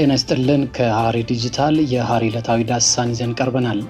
ጤና ይስጥልን። ከሐሬ ዲጂታል የሐሬ ዕለታዊ ዳሰሳን ይዘን ቀርበናል።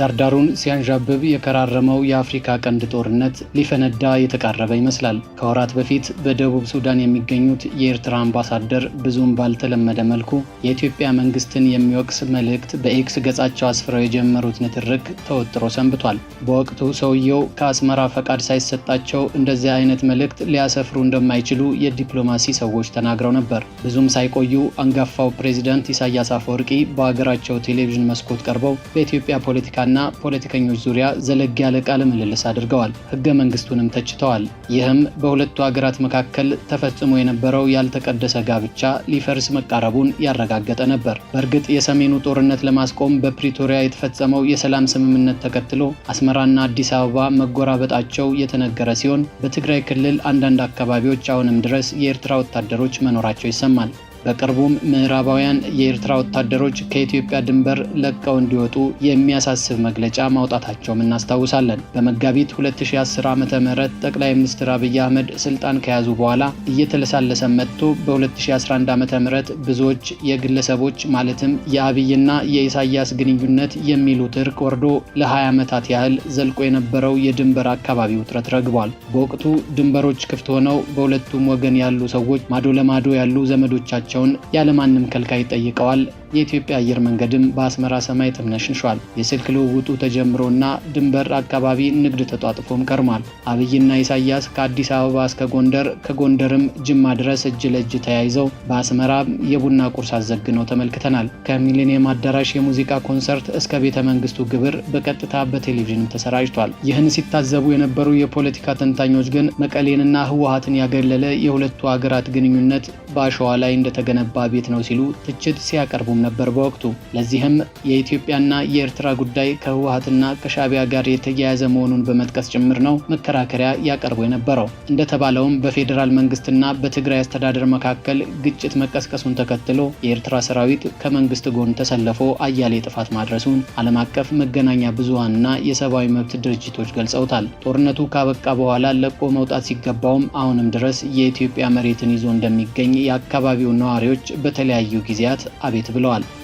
ዳርዳሩን ሲያንዣብብ የከራረመው የአፍሪካ ቀንድ ጦርነት ሊፈነዳ የተቃረበ ይመስላል። ከወራት በፊት በደቡብ ሱዳን የሚገኙት የኤርትራ አምባሳደር ብዙም ባልተለመደ መልኩ የኢትዮጵያ መንግስትን የሚወቅስ መልእክት በኤክስ ገጻቸው አስፍረው የጀመሩት ንትርክ ተወጥሮ ሰንብቷል። በወቅቱ ሰውየው ከአስመራ ፈቃድ ሳይሰጣቸው እንደዚህ አይነት መልእክት ሊያሰፍሩ እንደማይችሉ የዲፕሎማሲ ሰዎች ተናግረው ነበር። ብዙም ሳይቆዩ አንጋፋው ፕሬዚዳንት ኢሳያስ አፈወርቂ በሀገራቸው ቴሌቪዥን መስኮት ቀርበው በኢትዮጵያ ፖለቲካ ፖለቲካና ፖለቲከኞች ዙሪያ ዘለግ ያለ ቃለ ምልልስ አድርገዋል። ህገ መንግስቱንም ተችተዋል። ይህም በሁለቱ ሀገራት መካከል ተፈጽሞ የነበረው ያልተቀደሰ ጋብቻ ሊፈርስ መቃረቡን ያረጋገጠ ነበር። በእርግጥ የሰሜኑ ጦርነት ለማስቆም በፕሪቶሪያ የተፈጸመው የሰላም ስምምነት ተከትሎ አስመራና አዲስ አበባ መጎራበጣቸው የተነገረ ሲሆን በትግራይ ክልል አንዳንድ አካባቢዎች አሁንም ድረስ የኤርትራ ወታደሮች መኖራቸው ይሰማል። በቅርቡም ምዕራባውያን የኤርትራ ወታደሮች ከኢትዮጵያ ድንበር ለቀው እንዲወጡ የሚያሳስብ መግለጫ ማውጣታቸውም እናስታውሳለን። በመጋቢት 2010 ዓ ም ጠቅላይ ሚኒስትር አብይ አህመድ ስልጣን ከያዙ በኋላ እየተለሳለሰ መጥቶ በ2011 ዓ ም ብዙዎች የግለሰቦች ማለትም የአብይና የኢሳያስ ግንኙነት የሚሉት እርቅ ወርዶ ለ20 ዓመታት ያህል ዘልቆ የነበረው የድንበር አካባቢ ውጥረት ረግቧል። በወቅቱ ድንበሮች ክፍት ሆነው በሁለቱም ወገን ያሉ ሰዎች ማዶ ለማዶ ያሉ ዘመዶቻቸው መሆናቸውን ያለማንም ከልካይ ጠይቀዋል። የኢትዮጵያ አየር መንገድም በአስመራ ሰማይ ተምነሽንሿል። የስልክ ልውውጡ ተጀምሮና ድንበር አካባቢ ንግድ ተጧጥፎም ከርሟል። አብይና ኢሳያስ ከአዲስ አበባ እስከ ጎንደር፣ ከጎንደርም ጅማ ድረስ እጅ ለእጅ ተያይዘው በአስመራ የቡና ቁርስ አዘግነው ተመልክተናል። ከሚሊኒየም አዳራሽ የሙዚቃ ኮንሰርት እስከ ቤተ መንግስቱ ግብር በቀጥታ በቴሌቪዥንም ተሰራጭቷል። ይህን ሲታዘቡ የነበሩ የፖለቲካ ተንታኞች ግን መቀሌንና ህወሀትን ያገለለ የሁለቱ ሀገራት ግንኙነት በአሸዋ ላይ እንደተገነባ ቤት ነው ሲሉ ትችት ሲያቀርቡ ነበር በወቅቱ። ለዚህም የኢትዮጵያና የኤርትራ ጉዳይ ከህወሀትና ከሻቢያ ጋር የተያያዘ መሆኑን በመጥቀስ ጭምር ነው መከራከሪያ ያቀርቡ የነበረው። እንደተባለውም በፌዴራል መንግስትና በትግራይ አስተዳደር መካከል ግጭት መቀስቀሱን ተከትሎ የኤርትራ ሰራዊት ከመንግስት ጎን ተሰልፎ አያሌ ጥፋት ማድረሱን ዓለም አቀፍ መገናኛ ብዙሃንና የሰብአዊ መብት ድርጅቶች ገልጸውታል። ጦርነቱ ካበቃ በኋላ ለቆ መውጣት ሲገባውም አሁንም ድረስ የኢትዮጵያ መሬትን ይዞ እንደሚገኝ የአካባቢው ነዋሪዎች በተለያዩ ጊዜያት አቤት ብለዋል። धन्यवाद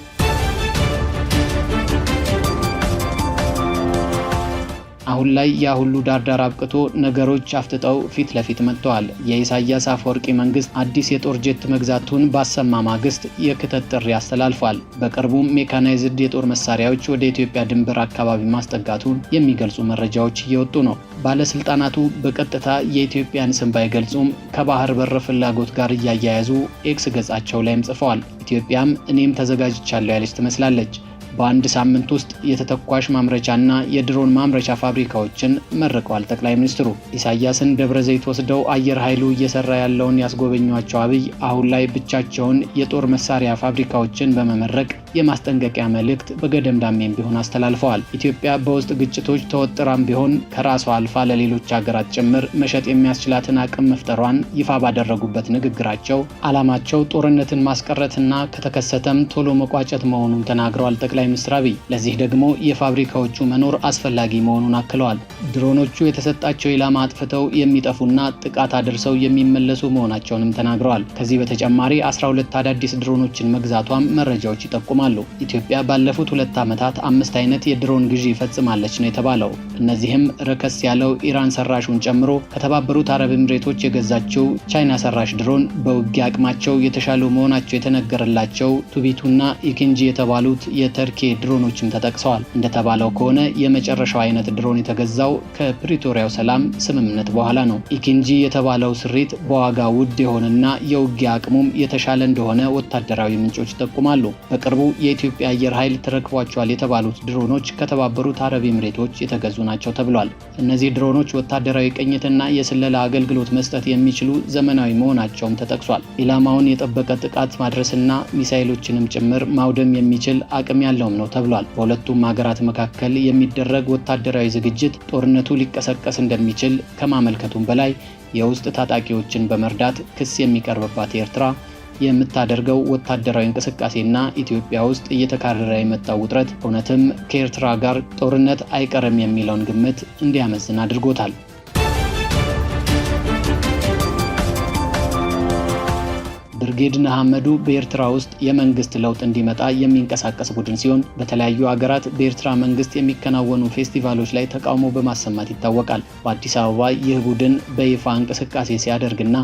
አሁን ላይ ያ ሁሉ ዳርዳር አብቅቶ ነገሮች አፍጥጠው ፊት ለፊት መጥተዋል። የኢሳያስ አፈወርቂ መንግስት አዲስ የጦር ጀት መግዛቱን ባሰማ ማግስት የክተት ጥሪ አስተላልፏል። በቅርቡም ሜካናይዝድ የጦር መሳሪያዎች ወደ ኢትዮጵያ ድንበር አካባቢ ማስጠጋቱን የሚገልጹ መረጃዎች እየወጡ ነው። ባለስልጣናቱ በቀጥታ የኢትዮጵያን ስም ባይገልጹም ከባህር በር ፍላጎት ጋር እያያያዙ ኤክስ ገጻቸው ላይም ጽፈዋል። ኢትዮጵያም እኔም ተዘጋጅቻለሁ ያለች ትመስላለች። በአንድ ሳምንት ውስጥ የተተኳሽ ማምረቻና የድሮን ማምረቻ ፋብሪካዎችን መርቀዋል። ጠቅላይ ሚኒስትሩ ኢሳያስን ደብረ ዘይት ወስደው አየር ኃይሉ እየሰራ ያለውን ያስጎበኟቸው አብይ አሁን ላይ ብቻቸውን የጦር መሳሪያ ፋብሪካዎችን በመመረቅ የማስጠንቀቂያ መልእክት በገደምዳሜም ቢሆን አስተላልፈዋል። ኢትዮጵያ በውስጥ ግጭቶች ተወጥራም ቢሆን ከራሷ አልፋ ለሌሎች ሀገራት ጭምር መሸጥ የሚያስችላትን አቅም መፍጠሯን ይፋ ባደረጉበት ንግግራቸው ዓላማቸው ጦርነትን ማስቀረትና ከተከሰተም ቶሎ መቋጨት መሆኑን ተናግረዋል። ጠቅላይ ጠቅላይ ሚኒስትር አብይ። ለዚህ ደግሞ የፋብሪካዎቹ መኖር አስፈላጊ መሆኑን አክለዋል። ድሮኖቹ የተሰጣቸው ኢላማ አጥፍተው የሚጠፉና ጥቃት አድርሰው የሚመለሱ መሆናቸውንም ተናግረዋል። ከዚህ በተጨማሪ 12 አዳዲስ ድሮኖችን መግዛቷም መረጃዎች ይጠቁማሉ። ኢትዮጵያ ባለፉት ሁለት ዓመታት አምስት አይነት የድሮን ግዢ ፈጽማለች ነው የተባለው። እነዚህም ረከስ ያለው ኢራን ሰራሹን ጨምሮ ከተባበሩት አረብ ኤምሬቶች የገዛችው ቻይና ሰራሽ ድሮን በውጊያ አቅማቸው የተሻሉ መሆናቸው የተነገረላቸው ቱቢቱና ኢኪንጂ የተባሉት የተ በርኬ ድሮኖችም ተጠቅሰዋል። እንደተባለው ከሆነ የመጨረሻው አይነት ድሮን የተገዛው ከፕሪቶሪያው ሰላም ስምምነት በኋላ ነው። ኢኪንጂ የተባለው ስሪት በዋጋ ውድ የሆነና የውጊያ አቅሙም የተሻለ እንደሆነ ወታደራዊ ምንጮች ይጠቁማሉ። በቅርቡ የኢትዮጵያ አየር ኃይል ተረክቧቸዋል የተባሉት ድሮኖች ከተባበሩት አረብ ኤምሬቶች የተገዙ ናቸው ተብሏል። እነዚህ ድሮኖች ወታደራዊ ቅኝትና የስለላ አገልግሎት መስጠት የሚችሉ ዘመናዊ መሆናቸውም ተጠቅሷል። ኢላማውን የጠበቀ ጥቃት ማድረስና ሚሳይሎችንም ጭምር ማውደም የሚችል አቅም ያለ ያለውም ነው ተብሏል። በሁለቱም ሀገራት መካከል የሚደረግ ወታደራዊ ዝግጅት ጦርነቱ ሊቀሰቀስ እንደሚችል ከማመልከቱም በላይ የውስጥ ታጣቂዎችን በመርዳት ክስ የሚቀርብባት ኤርትራ የምታደርገው ወታደራዊ እንቅስቃሴና ኢትዮጵያ ውስጥ እየተካረረ የመጣው ውጥረት እውነትም ከኤርትራ ጋር ጦርነት አይቀርም የሚለውን ግምት እንዲያመዝን አድርጎታል። ብርጌድ ነሐመዱ በኤርትራ ውስጥ የመንግስት ለውጥ እንዲመጣ የሚንቀሳቀስ ቡድን ሲሆን በተለያዩ አገራት በኤርትራ መንግስት የሚከናወኑ ፌስቲቫሎች ላይ ተቃውሞ በማሰማት ይታወቃል። በአዲስ አበባ ይህ ቡድን በይፋ እንቅስቃሴ ሲያደርግና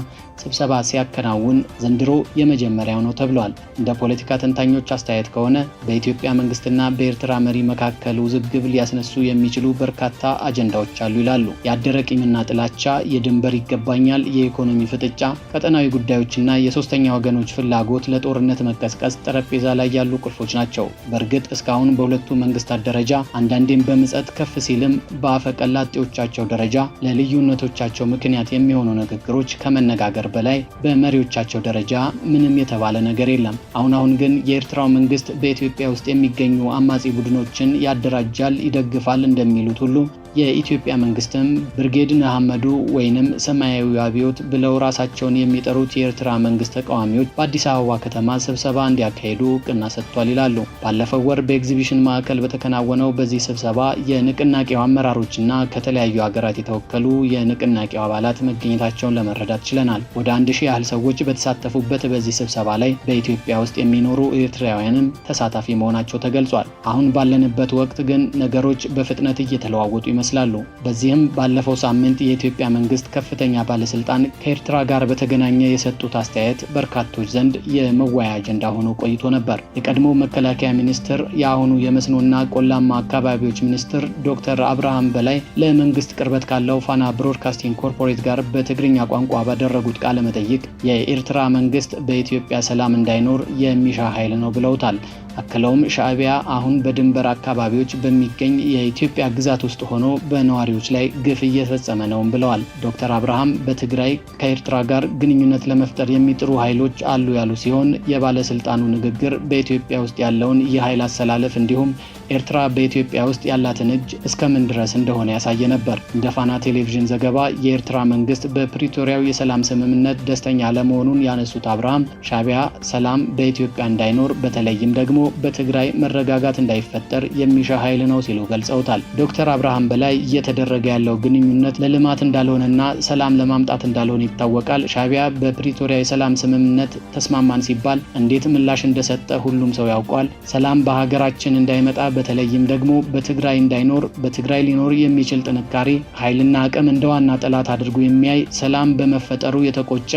ስብሰባ ሲያከናውን ዘንድሮ የመጀመሪያው ነው ተብሏል። እንደ ፖለቲካ ተንታኞች አስተያየት ከሆነ በኢትዮጵያ መንግስትና በኤርትራ መሪ መካከል ውዝግብ ሊያስነሱ የሚችሉ በርካታ አጀንዳዎች አሉ ይላሉ። የአደረቂምና ጥላቻ፣ የድንበር ይገባኛል፣ የኢኮኖሚ ፍጥጫ፣ ቀጠናዊ ጉዳዮችና የሶስተኛ ወገኖች ፍላጎት ለጦርነት መቀስቀስ ጠረጴዛ ላይ ያሉ ቁልፎች ናቸው። በእርግጥ እስካሁን በሁለቱ መንግስታት ደረጃ አንዳንዴም በምጸት ከፍ ሲልም በአፈቀላጤዎቻቸው ደረጃ ለልዩነቶቻቸው ምክንያት የሚሆኑ ንግግሮች ከመነጋገር በላይ በመሪዎቻቸው ደረጃ ምንም የተባለ ነገር የለም። አሁን አሁን ግን የኤርትራው መንግስት በኢትዮጵያ ውስጥ የሚገኙ አማጺ ቡድኖችን ያደራጃል፣ ይደግፋል እንደሚሉት ሁሉ የኢትዮጵያ መንግስትም ብርጌድ አህመዱ ወይንም ሰማያዊ አብዮት ብለው ራሳቸውን የሚጠሩት የኤርትራ መንግስት ተቃዋሚዎች በአዲስ አበባ ከተማ ስብሰባ እንዲያካሄዱ እውቅና ሰጥቷል ይላሉ። ባለፈው ወር በኤግዚቢሽን ማዕከል በተከናወነው በዚህ ስብሰባ የንቅናቄው አመራሮችና ከተለያዩ ሀገራት የተወከሉ የንቅናቄው አባላት መገኘታቸውን ለመረዳት ችለናል። ወደ አንድ ሺህ ያህል ሰዎች በተሳተፉበት በዚህ ስብሰባ ላይ በኢትዮጵያ ውስጥ የሚኖሩ ኤርትራውያንም ተሳታፊ መሆናቸው ተገልጿል። አሁን ባለንበት ወቅት ግን ነገሮች በፍጥነት እየተለዋወጡ ይመ ይመስላሉ። በዚህም ባለፈው ሳምንት የኢትዮጵያ መንግስት ከፍተኛ ባለስልጣን ከኤርትራ ጋር በተገናኘ የሰጡት አስተያየት በርካቶች ዘንድ የመወያያ አጀንዳ ሆኖ ቆይቶ ነበር። የቀድሞ መከላከያ ሚኒስትር የአሁኑ የመስኖና ቆላማ አካባቢዎች ሚኒስትር ዶክተር አብርሃም በላይ ለመንግስት ቅርበት ካለው ፋና ብሮድካስቲንግ ኮርፖሬት ጋር በትግርኛ ቋንቋ ባደረጉት ቃለ መጠይቅ የኤርትራ መንግስት በኢትዮጵያ ሰላም እንዳይኖር የሚሻ ኃይል ነው ብለውታል። አክለውም ሻዕቢያ አሁን በድንበር አካባቢዎች በሚገኝ የኢትዮጵያ ግዛት ውስጥ ሆኖ በነዋሪዎች ላይ ግፍ እየፈጸመ ነውም ብለዋል። ዶክተር አብርሃም በትግራይ ከኤርትራ ጋር ግንኙነት ለመፍጠር የሚጥሩ ኃይሎች አሉ ያሉ ሲሆን የባለስልጣኑ ንግግር በኢትዮጵያ ውስጥ ያለውን የኃይል አሰላለፍ እንዲሁም ኤርትራ በኢትዮጵያ ውስጥ ያላትን እጅ እስከምን ድረስ እንደሆነ ያሳየ ነበር። እንደ ፋና ቴሌቪዥን ዘገባ የኤርትራ መንግስት በፕሪቶሪያው የሰላም ስምምነት ደስተኛ አለመሆኑን ያነሱት አብርሃም ሻዕቢያ ሰላም በኢትዮጵያ እንዳይኖር በተለይም ደግሞ በትግራይ መረጋጋት እንዳይፈጠር የሚሻ ኃይል ነው ሲሉ ገልጸውታል። ዶክተር አብርሃም በላይ እየተደረገ ያለው ግንኙነት ለልማት እንዳልሆነና ሰላም ለማምጣት እንዳልሆነ ይታወቃል። ሻቢያ በፕሪቶሪያ የሰላም ስምምነት ተስማማን ሲባል እንዴት ምላሽ እንደሰጠ ሁሉም ሰው ያውቋል። ሰላም በሀገራችን እንዳይመጣ በተለይም ደግሞ በትግራይ እንዳይኖር በትግራይ ሊኖር የሚችል ጥንካሬ ኃይልና አቅም እንደ ዋና ጠላት አድርጎ የሚያይ ሰላም በመፈጠሩ የተቆጨ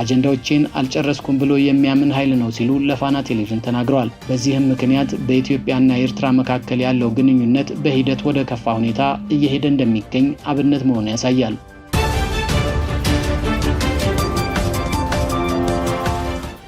አጀንዳዎቼን አልጨረስኩም ብሎ የሚያምን ኃይል ነው ሲሉ ለፋና ቴሌቪዥን ተናግረዋል። በዚህም ምክንያት በኢትዮጵያና ኤርትራ መካከል ያለው ግንኙነት በሂደት ወደ ከፋ ሁኔታ እየሄደ እንደሚገኝ አብነት መሆኑ ያሳያል።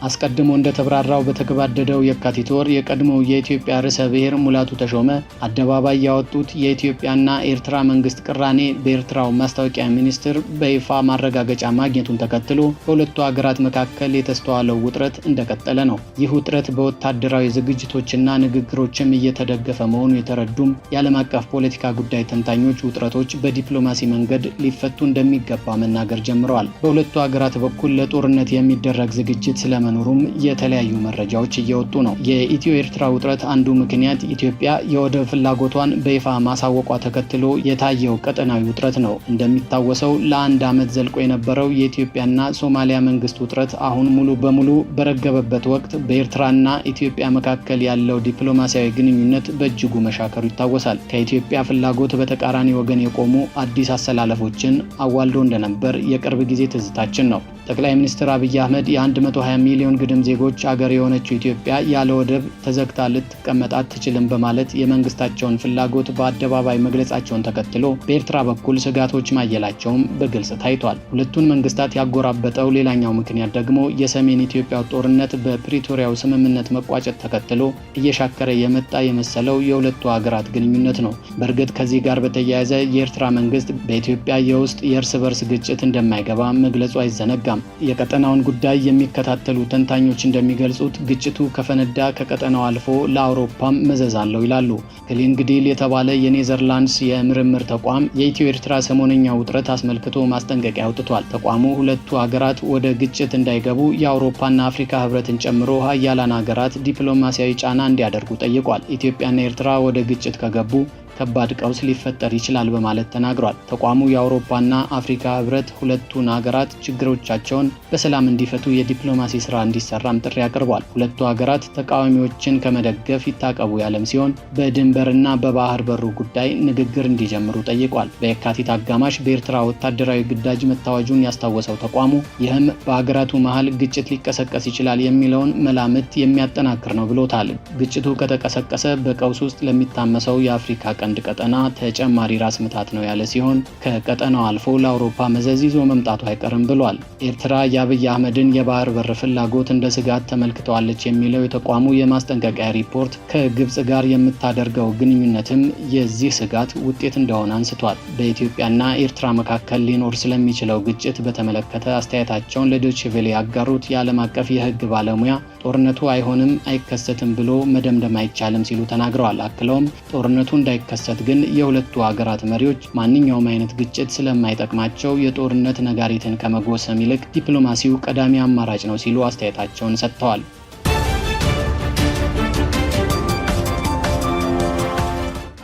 አስቀድሞ እንደተብራራው በተገባደደው የካቲት ወር የቀድሞው የኢትዮጵያ ርዕሰ ብሔር ሙላቱ ተሾመ አደባባይ ያወጡት የኢትዮጵያና ኤርትራ መንግስት ቅራኔ በኤርትራው ማስታወቂያ ሚኒስትር በይፋ ማረጋገጫ ማግኘቱን ተከትሎ በሁለቱ ሀገራት መካከል የተስተዋለው ውጥረት እንደቀጠለ ነው። ይህ ውጥረት በወታደራዊ ዝግጅቶችና ንግግሮችም እየተደገፈ መሆኑ የተረዱም የዓለም አቀፍ ፖለቲካ ጉዳይ ተንታኞች ውጥረቶች በዲፕሎማሲ መንገድ ሊፈቱ እንደሚገባ መናገር ጀምረዋል። በሁለቱ ሀገራት በኩል ለጦርነት የሚደረግ ዝግጅት ስለመ ስለመኖሩም የተለያዩ መረጃዎች እየወጡ ነው። የኢትዮ ኤርትራ ውጥረት አንዱ ምክንያት ኢትዮጵያ የወደብ ፍላጎቷን በይፋ ማሳወቋ ተከትሎ የታየው ቀጠናዊ ውጥረት ነው። እንደሚታወሰው ለአንድ ዓመት ዘልቆ የነበረው የኢትዮጵያና ሶማሊያ መንግስት ውጥረት አሁን ሙሉ በሙሉ በረገበበት ወቅት በኤርትራና ኢትዮጵያ መካከል ያለው ዲፕሎማሲያዊ ግንኙነት በእጅጉ መሻከሩ ይታወሳል። ከኢትዮጵያ ፍላጎት በተቃራኒ ወገን የቆሙ አዲስ አሰላለፎችን አዋልዶ እንደነበር የቅርብ ጊዜ ትዝታችን ነው። ጠቅላይ ሚኒስትር አብይ አህመድ የ120 ሚሊዮን ግድም ዜጎች አገር የሆነችው ኢትዮጵያ ያለ ወደብ ተዘግታ ልትቀመጥ አትችልም በማለት የመንግስታቸውን ፍላጎት በአደባባይ መግለጻቸውን ተከትሎ በኤርትራ በኩል ስጋቶች ማየላቸውም በግልጽ ታይቷል። ሁለቱን መንግስታት ያጎራበጠው ሌላኛው ምክንያት ደግሞ የሰሜን ኢትዮጵያው ጦርነት በፕሪቶሪያው ስምምነት መቋጨት ተከትሎ እየሻከረ የመጣ የመሰለው የሁለቱ ሀገራት ግንኙነት ነው። በእርግጥ ከዚህ ጋር በተያያዘ የኤርትራ መንግስት በኢትዮጵያ የውስጥ የእርስ በርስ ግጭት እንደማይገባ መግለጹ አይዘነጋም። አልተዘጋም። የቀጠናውን ጉዳይ የሚከታተሉ ተንታኞች እንደሚገልጹት ግጭቱ ከፈነዳ ከቀጠናው አልፎ ለአውሮፓም መዘዝ አለው ይላሉ። ክሊንግዲል የተባለ የኔዘርላንድስ የምርምር ተቋም የኢትዮ ኤርትራ ሰሞነኛ ውጥረት አስመልክቶ ማስጠንቀቂያ አውጥቷል። ተቋሙ ሁለቱ ሀገራት ወደ ግጭት እንዳይገቡ የአውሮፓና አፍሪካ ህብረትን ጨምሮ ሀያላን ሀገራት ዲፕሎማሲያዊ ጫና እንዲያደርጉ ጠይቋል። ኢትዮጵያና ኤርትራ ወደ ግጭት ከገቡ ከባድ ቀውስ ሊፈጠር ይችላል በማለት ተናግሯል። ተቋሙ የአውሮፓና አፍሪካ ህብረት ሁለቱን ሀገራት ችግሮቻቸውን በሰላም እንዲፈቱ የዲፕሎማሲ ስራ እንዲሰራም ጥሪ አቅርቧል። ሁለቱ ሀገራት ተቃዋሚዎችን ከመደገፍ ይታቀቡ ያለም ሲሆን በድንበርና በባህር በሩ ጉዳይ ንግግር እንዲጀምሩ ጠይቋል። በየካቲት አጋማሽ በኤርትራ ወታደራዊ ግዳጅ መታወጁን ያስታወሰው ተቋሙ ይህም በሀገራቱ መሀል ግጭት ሊቀሰቀስ ይችላል የሚለውን መላምት የሚያጠናክር ነው ብሎታል። ግጭቱ ከተቀሰቀሰ በቀውስ ውስጥ ለሚታመሰው የአፍሪካ ቀን አንድ ቀጠና ተጨማሪ ራስ ምታት ነው ያለ ሲሆን ከቀጠናው አልፎ ለአውሮፓ መዘዝ ይዞ መምጣቱ አይቀርም ብሏል። ኤርትራ የአብይ አህመድን የባህር በር ፍላጎት እንደ ስጋት ተመልክተዋለች የሚለው የተቋሙ የማስጠንቀቂያ ሪፖርት ከግብጽ ጋር የምታደርገው ግንኙነትም የዚህ ስጋት ውጤት እንደሆነ አንስቷል። በኢትዮጵያና ኤርትራ መካከል ሊኖር ስለሚችለው ግጭት በተመለከተ አስተያየታቸውን ለዶችቬሌ ያጋሩት የዓለም አቀፍ የህግ ባለሙያ ጦርነቱ አይሆንም አይከሰትም ብሎ መደምደም አይቻልም ሲሉ ተናግረዋል። አክለውም ጦርነቱ እንዳይከሰት ግን የሁለቱ ሀገራት መሪዎች ማንኛውም አይነት ግጭት ስለማይጠቅማቸው የጦርነት ነጋሪትን ከመጎሰም ይልቅ ዲፕሎማሲው ቀዳሚ አማራጭ ነው ሲሉ አስተያየታቸውን ሰጥተዋል።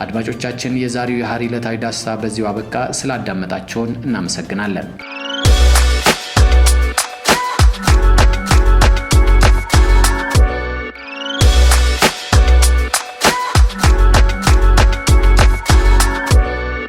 አድማጮቻችን፣ የዛሬው የሐሪ ዕለታዊ ዳሰሳ በዚሁ አበቃ። ስላዳመጣቸውን እናመሰግናለን።